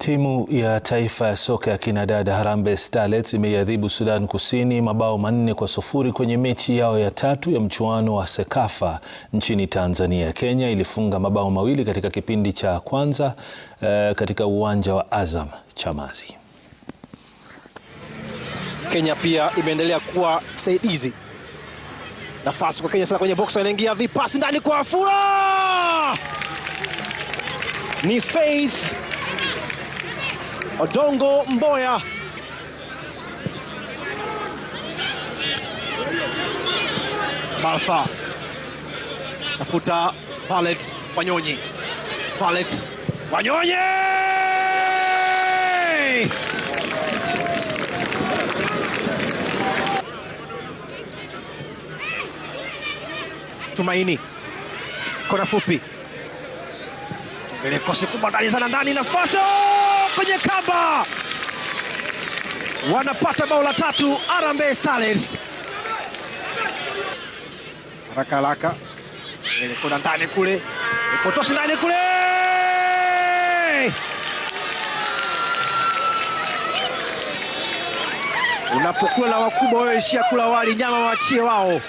Timu ya taifa ya soka ya kinadada Harambee Starlets imeiadhibu Sudan Kusini mabao manne kwa sufuri kwenye mechi yao ya tatu ya mchuano wa Sekafa nchini Tanzania. Kenya ilifunga mabao mawili katika kipindi cha kwanza uh, katika uwanja wa Azam Chamazi. Kenya pia imeendelea kuwa saidizi. Nafasi kwa Kenya sasa kwenye box, anaingia vipasi ndani kwa Afura, ni Faith Odongo Mboya Balfa tafuta Valet Wanyonyi, Valet Wanyonyi Tumaini, kona fupi, ile kosi kubwa ndani sana, ndani nafasi kwenye kamba, wanapata bao la tatu Harambee Stars. Haraka haraka elekona ndani kule, ipotoshi ndani kule, unapokula wakubwa wewe, ishia kula wali, nyama waachie wao.